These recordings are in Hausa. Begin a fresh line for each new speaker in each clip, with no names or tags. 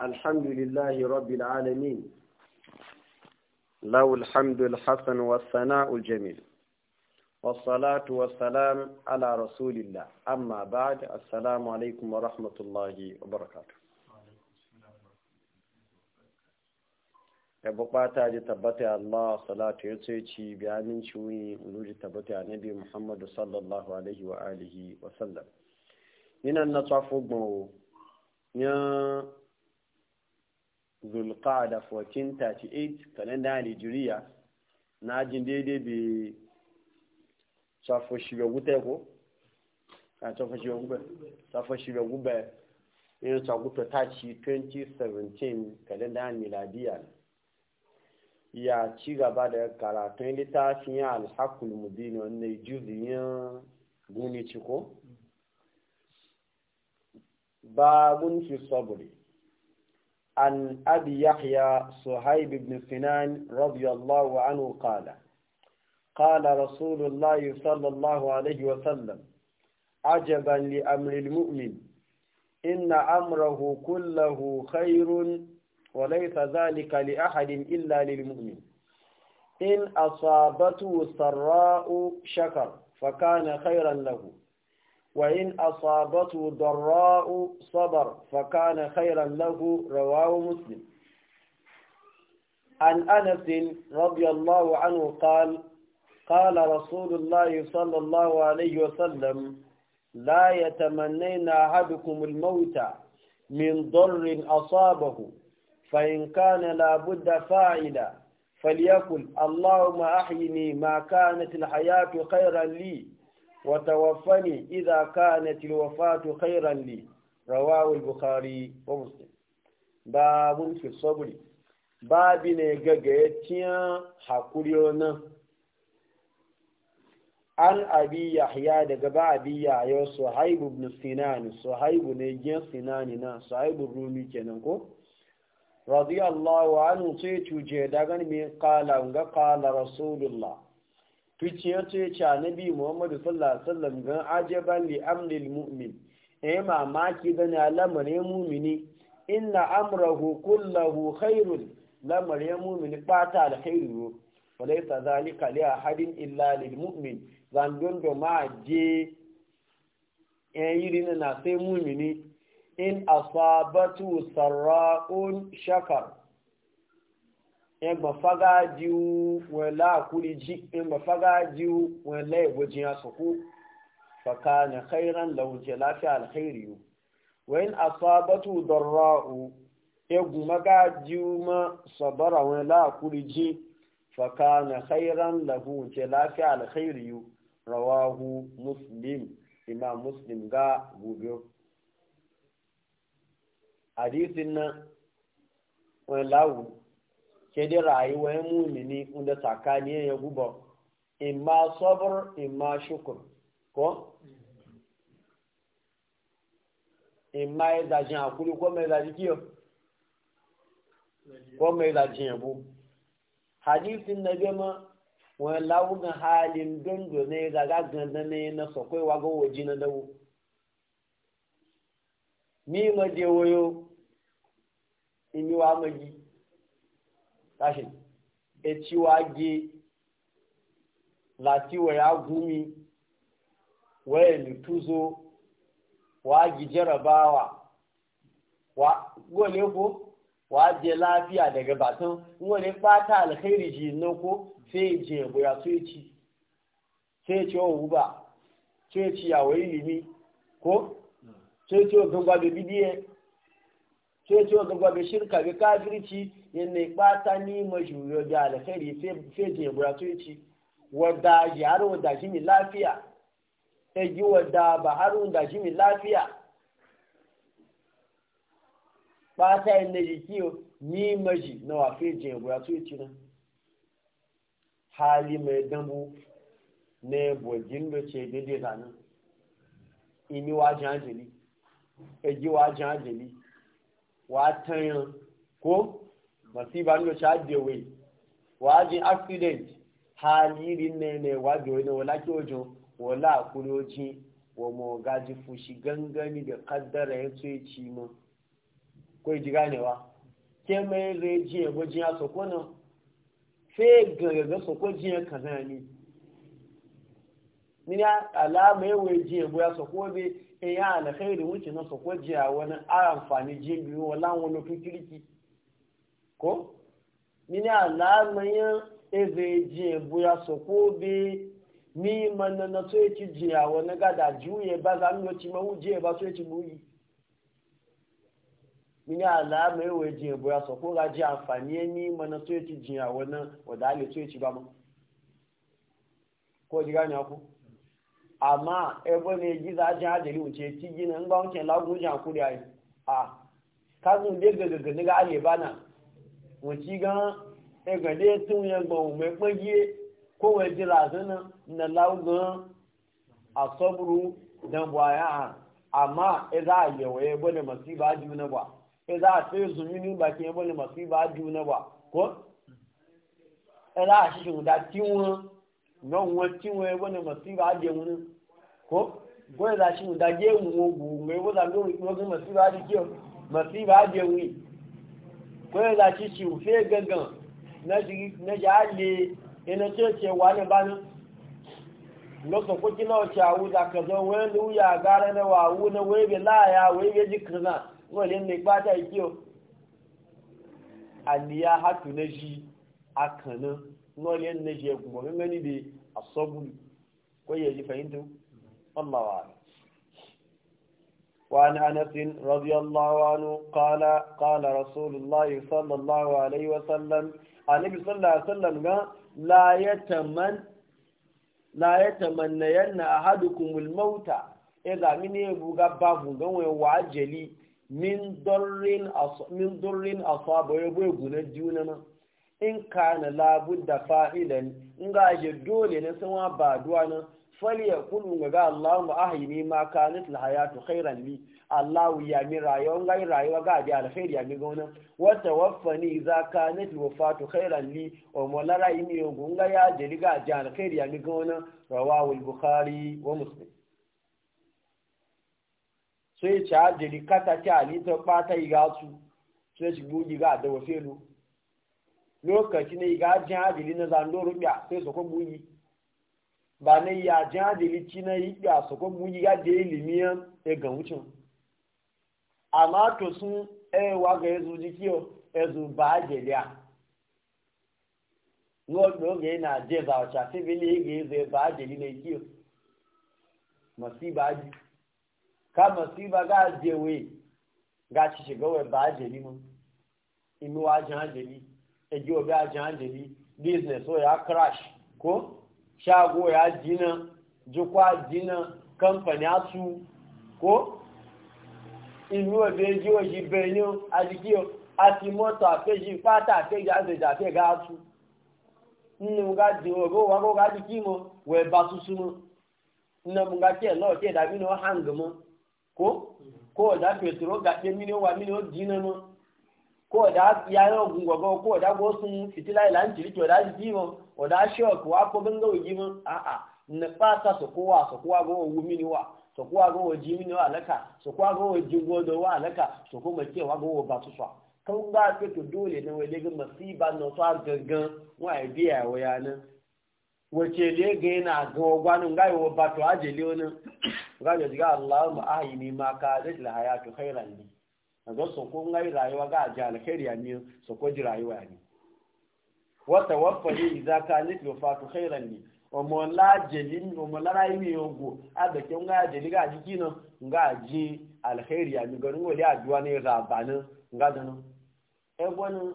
الحمد لله رب العالمين له الحمد الحسن والثناء الجميل والصلاة والسلام على رسول الله أما بعد السلام عليكم ورحمة الله وبركاته أبو قاتا جتبت الله صلاة يسيتي بأمين شوي ونوج تبت النبي محمد صلى الله عليه وآله وسلم من النطاف مو zulqaada 1438 kalenda nigeria na jin daidai bi safo shiga gute ko a safo shiga gube safo shiga gube in saguta ta ci 2017 kalenda miladiya ya ci gaba da karatun littafin ya alhakul mubin wanda juziyin guni ciko ba mun shi saburi عن أبي يحيى صهيب بن سنان رضي الله عنه قال قال رسول الله صلى الله عليه وسلم عجبا لأمر المؤمن إن أمره كله خير وليس ذلك لأحد إلا للمؤمن إن أصابته سراء شكر فكان خيرا له وإن أصابته ضراء صبر فكان خيرا له رواه مسلم عن أنس رضي الله عنه قال قال رسول الله صلى الله عليه وسلم لا يتمنين أحدكم الموت من ضر أصابه فإن كان لابد فاعلا فليقل اللهم أحيني ما كانت الحياة خيرا لي Wata idha kanat alwafatu na li rawaw albukhari wa muslim Babu fi sabri ne gaga ya hakuri ona an abi yahya daga ba abi yahya suhaib ibn sinan suhaib ne gen sinani na suhaib rumi kenan ko radiyallahu anhu sai tuje daga ne qala nga qala rasulullah tuciyar ce ce annabi muhammadu sallallahu alaihi wasallam gan ajaban li amril mu'min eh mamaki da na lamarin mu'mini inna amrahu kullahu khairun lamarin mu'mini bata alkhairu walaysa zalika li ahadin illa lil mu'min zan do ma je eh yirin na sai mu'mini in asabatu sarra'un shakar ẹgbọ̀n fágáájú wọn láàkúrí jí ẹgbọ̀n fágáájú wọn lẹ́ẹ̀gbọ́jì àsọ̀kú fàkà ní khairan launce láfíà alkhairi o wọ́n asabatu dọ̀rọ̀ù egun magájú mọ́ sọ̀bọ̀rọ̀ wọn láàkúrí jí fàkà ní khairan launce láfíà alkhairi yìí rawahu muslim imam muslim ga gobe hadisin na wọn láwùú sai dai rayuwar mumini inda tsakani ya guba imma sabr imma shukur ko imma ya zaji hakuri ko mai zaji kiyo ko mai zaji yabo hadisin na gama wani lawugan halin dondo ne na sakwai waga na dawo yi tashi e ciwa ge gumi waye lituzo wa gi jarabawa wa gole ko wa je lafiya daga batun wani fata alkhairi ji ko sai je sai ci sai ci sai ci ya wai limi ko sai ci sai ce wanda gwabe shirka bi kafirci yana ɓata ni ma majuyo da alkhairi sai je buratoci wadda ji har wadda shi mai lafiya ta ji wadda ba har wadda shi mai lafiya ɓata yi da jiki ni ma maji na wa wafe je buratoci nan hali mai dambu na bojin da ce daidai zanen imi wajen ajali eji wajen ajali watan ko masiba ni cha dewe waji accident haliri nene wajo ne wala ki ojo wala kuroji wa mo gaji fushi gangani da kaddara ya ce ci mu ko ji ganewa ke mai reji ya so ko sokona fe gaga ka ya kazani mini alama ya waje ya buya bi ko be in ya wuce na so ko jiya wani amfani bi biyu wala wani fikirki ko mini alama ya eze je buya so ko bi ni manna na so yake jiya wani gada juye ba za mu ci ma wu wuje ba so yake buyi mini alama ya waje ya buya so ko ga ji amfani ni manna so yake jiya wani wadale so yake ba mu ko ji gane ku amma ebe ne giza ajin hajjari wuce ci gina in ba wancan lagun jan kuri ayi a kazun dai ga gaggazi ga ale bana wuci gan ega dai tun yin gbọn mai kpagiye ko wai jira zana na lagun a saburu dan bwaya a amma e za a yawa ebe ne masu ba juna ba e za a tsaye zumini bakin ebe ne masu ba juna ba ko e za a shi shi da tiwon nan wani tiwon ebe ne masu ba juna ko goyi za shi da ge mu ogu me wo da lo mo ge masi ba di kio masi ba je wi goyi za shi shi fe gangan na ji na ja le ina ce ce wa ne ba ni lo so ko o cha u da ka zo wen lu ya gare na wa u na we be la ya we be ji kana ngo le ne ba ta kio aliya hatu na ji akana ngo le ne je gbo ngani be asobulu ko ye ji fahimtu الله أعلم وعن أنس رضي الله عنه قال قال رسول الله صلى الله عليه وسلم النبي صلى الله عليه وسلم لا يتمن لا يتمن يتمنين أحدكم الموت إذا من يبغى بافون قوي وعجلي من ضر asaba ya bai gunar juna ma in kana labud da fa'ilan in ga aje dole na sanwa ba duwa falyakulu ga ga Allahumma ahini ma kanat alhayatu khairan li Allah ya mi rayo ga rayo ga da alkhairi ya mi gona wa tawaffani za kanat wafatu khairan li wa molara yimi yogun ga ya jeli ga da alkhairi ya mi gona rawahu al-bukhari wa muslim sai cha jeli kata ta ali to pata su sai shi gudi ga da wafelu lokaci ne ga jin ajili na zando rubiya sai su ko gugi ba na ya jajili cina yi ya su ko mu ya da ilimiyan ya ga wucin amma to sun ewa eh, ga yazo jikiyo yazo ba jeliya n'oge oge na je ba ọcha bi ị ga-ezo ba a jeli na ikiyo masiba ji ka masiba ga jewe ga ci shiga wai ba jeli mu inuwa ajin ajeli eji obi ajin ajeli business o ya crash ko shago ya jina jukwa jina kamfani asu ko inú ẹ̀bẹ̀ jí ó yí bẹ̀ ní àdìgí àti mọ́tò àfẹ́jì pátá àfẹ́jì àfẹ́jì àfẹ́gà átú nínú mú gáàdì ọ̀rọ̀ wà kó gáàdì kí mọ́ wẹ̀ bá tuntun mọ́ nínú mú gáàdì ẹ̀ lọ́ọ̀ tí ẹ̀dá mi ní ó hàn gọ́ mọ́ kó kó ọ̀dà pẹ̀tùrọ̀ gàdé mi da ya yi ogun gwagwa ko da gosun fitila ilan ntiri to da ji mo o da shock wa ko ganga a a na fata so kowa so kowa go wu mini wa so ji mini wa alaka so kowa go ji wa alaka so ko ma cewa go ba su so kan ga ke to dole ne wai daga masiba na so gangan wa biya wa yana wace le ga yana ga gwanin ga yo ba to ajele wani ga ga a ga so kun ngai rayuwa ga ji alkhairi ya ne soko ji rayuwa ya ne wa tawaffani idza kanat fatu khairan ni wa mola jelin wa mola rai mi yogo a da kin ga jeli ga ji kino ga ji alkhairi ya ni garin wali aduwa ne rabana ga da no e gwanin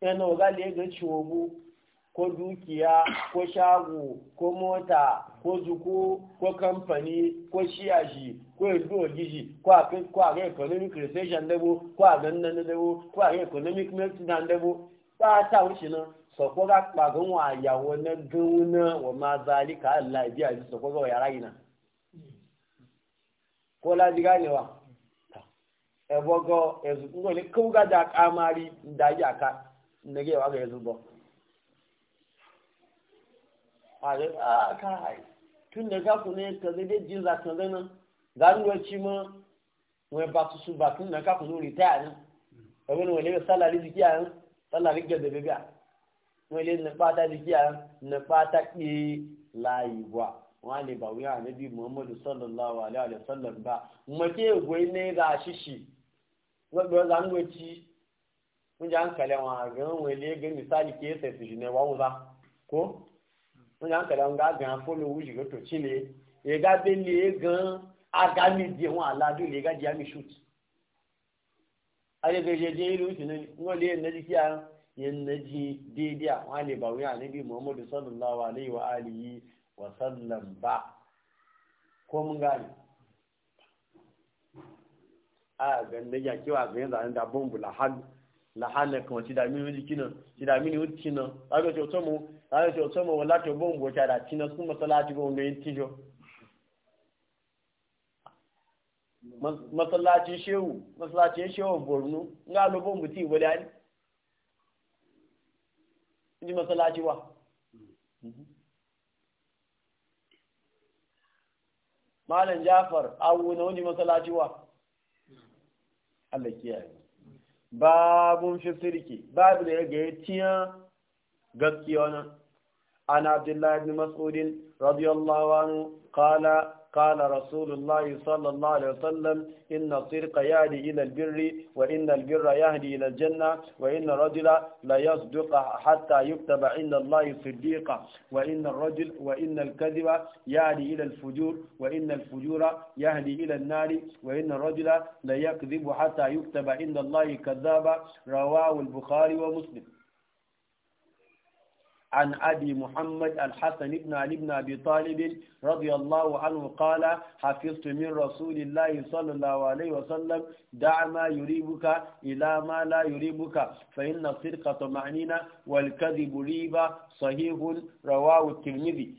yana ga le ga ciwo ko dukiya ko shago ko mota ko zuko ko kamfani ko shiyaji ko edu ojiji ko ape ko are economic recession debo ko agan nan debo ko are economic meltdown debo ta ta wuce nan sọ̀kọ́ ká pàgọ́ wọn àyàwó náà gánwó náà wọ́n máa za alíkà àlá ìdí àti sọ̀kọ́ ká yàrá yìí náà kó láti ká níwà ẹ̀bọ́gọ́ ẹ̀sùn kúrò ní kó ká dáa ah, ká nígbà ìwà kẹ̀yẹ́ túbọ̀. ààrẹ káàkiri tún lè ká kún ní kẹ̀lẹ́dẹ́ ci ma wani ba su su na kafin nuri ta yanin abin wani ga salari jiki yanin salari ga daga ga wani na fata jiki yanin na fata ke layi ba wani ba wuya na bi muhammadu sallallahu alaihi wa sallam ba mace gwai ne ga shishi wadda zanwaci mun ji hankali wa gan wani ga misali ke sai su shi ne wa wuza ko mun ji hankali wa e ga gan folo wuji ga to ci cile ya ga bele gan agami di wọn aládùn ilé gájí àmì ṣùt adébẹ̀ṣẹ̀ dé irú ìtìlẹ̀ wọ́n lè nẹ́jì kí a yẹn nẹ́jì déédé àwọn alèbàwí àníbí muhammadu sallallahu alaihi wa alihi wa sallam ba ko mun gani a ga a kí wà da bọ́m̀bù làhálẹ̀ kan ti dàmí ní ti dàmí ní ó ti náà lábẹ́ tí ó tọ́mọ wọn láti bọ́m̀bù ọ̀tí àdà tí náà súnmọ́ masallacin shehu masallacin shehu borno nga lobo buti wani ani inji masallaci wa malam jafar awu na wani masallaci wa Allah ya babun fi sirki babu da ya ga ya tiya gaskiya na. an abdullahi ibn mas'udin radiyallahu anhu qala قال رسول الله صلى الله عليه وسلم إن الصدق يهدي إلى البر وإن البر يهدي إلى الجنة وإن الرجل لا يصدق حتى يكتب عند الله صديقا وإن الرجل وإن الكذب يهدي إلى الفجور وإن الفجور يهدي إلى النار وإن الرجل لا يكذب حتى يكتب عند الله كذابا رواه البخاري ومسلم عن أبي محمد الحسن بن علي بن أبي طالب رضي الله عنه قال حفظت من رسول الله صلى الله عليه وسلم دع ما يريبك إلى ما لا يريبك فإن صدقة معنين والكذب ريبة صحيح رواه الترمذي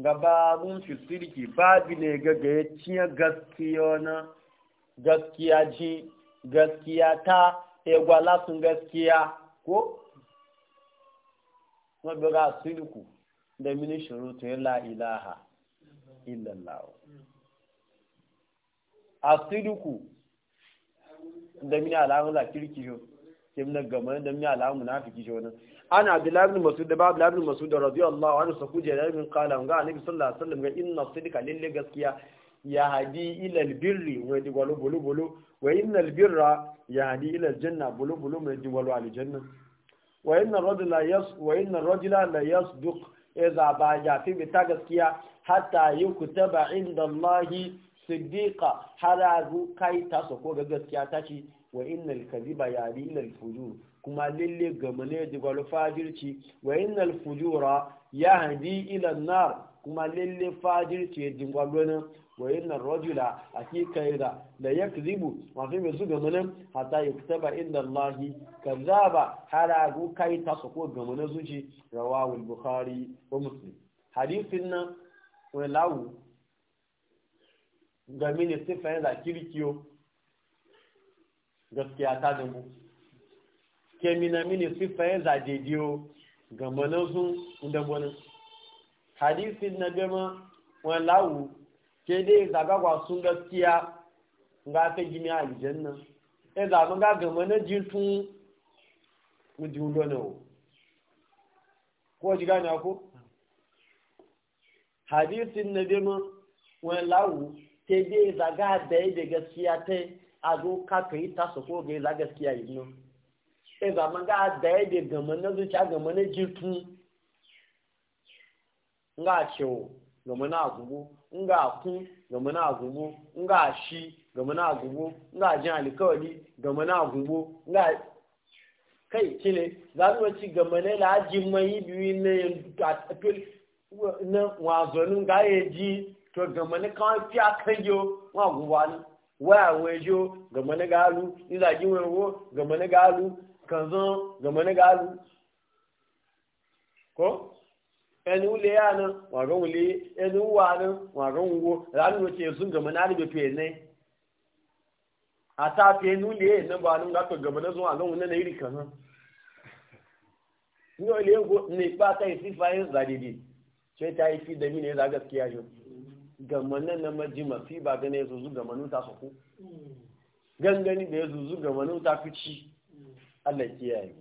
غباب في الصدق باب gaga ya غسكيونا غسكياجي غسكياتا gaskiya غسكيا gaskiya wọ́n bí bẹ̀rẹ̀ àsìlùkù lẹ́mí ní ṣòro tó yẹ la ìlàhà ìlàláwọ̀ àsìlùkù lẹ́mí ní aláhùn làkìrìkì yóò kim na gama da mi ala munafiki shi wannan ana abdullah ibn mas'ud da babu ibn mas'ud allah wa sa kuje da min qala ga annabi sallallahu alaihi wasallam ga inna sidqa lil gaskiya ya hadi ila al birri wa digwalu bulu bulu wa inna al ya hadi ila al janna bulu bulu mai digwalu al janna wa inna rajula la yasduq idza eh, ba ja fi bi ta gaskiya hatta yukutaba inda allahi siddiqa hala zu kai ta so ko gaskiya ta ce wa innal kadhiba ya ila fujur kuma lalle gama ne ji gwalo fajirci wa innal fujura yahdi ila nar kuma lalle fajirci ji gwalo nan wa innal rajula hakika ila la yakzibu ma fi mai su gama nan hatta yaktaba inda Allah kazaba haragu kai ta su ko gama na zuci rawahu al-bukhari wa muslim hadisin nan wani lawu ga mini sifayen da kirkiyo gaskiya ta mu ke mina mini siffa ya zaje diyo ga manazun inda gwani hadisi na gama wani lawu ke dai zagagwa sun gaskiya ga ta gini nan. ya zama ga gama na sun mujiyu donawo ko kowace gane ko hadisin na gama wani lawu ke dai zaga da gaskiya ta yi a zo ka to yi ta ga za gaskiya yi nan e ba man ga da ya da gama na zuciya gama na jirtu nga cewo gama na agugu nga ku gama na agugu nga shi gama na agugu nga jin alikawali gama na agugu nga kai kile za su wace gama na lajin mai biyu na wazonin ga ya ji to gama kawai yo wa waya wajo ga mani galu izagi wayo ga mani galu kanzon ga mani galu ko ẹni wule ya nan wagon wule ẹni wuwa nan wagon wuwo ranar wace sun ga na alibe fiye ne a ta fiye nule nan ba nan gato ga na zuwa nan wune na iri kanan ni wale ne ba ta yi fayin zadidi sai ta yi fi da mini za gaskiya yau gamanin na majima fi ba gane ya zuzu gamanin ta sako mm. gangani da ya zuzu gamanin ta fici Allah kiyaye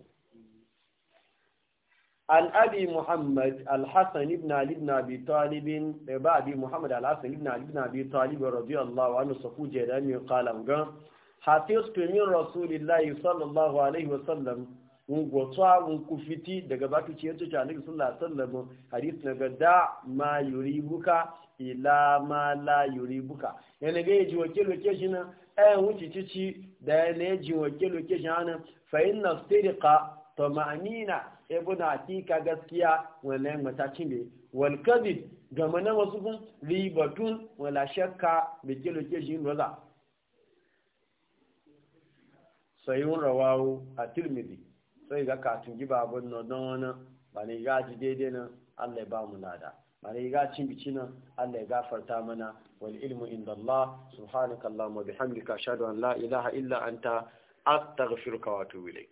al’adi muhammad al-hassan ibn ali ibn abi talib ba abi muhammad al-hassan ibn ali ibn abi talibin radiyallahu anhu safu jada mi qala ga hafiztu min rasulillahi sallallahu alaihi wasallam mun nkufiti daga baki ce yace ta alaihi sallallahu alaihi wasallam hadith na gada ma buka ila ma la buka yana ga yaji wake location na ayan eh, wuce cici da yana yaji wake location na fa inna sirqa tamanina ibn hakika gaskiya wannan matacin ne wal kadhib game na wasu kun ribatun wala shakka da ke location roza sayun rawawo a tirmidhi sai ga katun giba na nan don wani ba ne daidai nan Allah ya ba mu lada mana yi gacin bici nan Allah ya gafarta mana wal ilmu inda Allah subhanakallahumma bihamdika ashhadu an la ilaha illa anta astaghfiruka wa atubu ilaik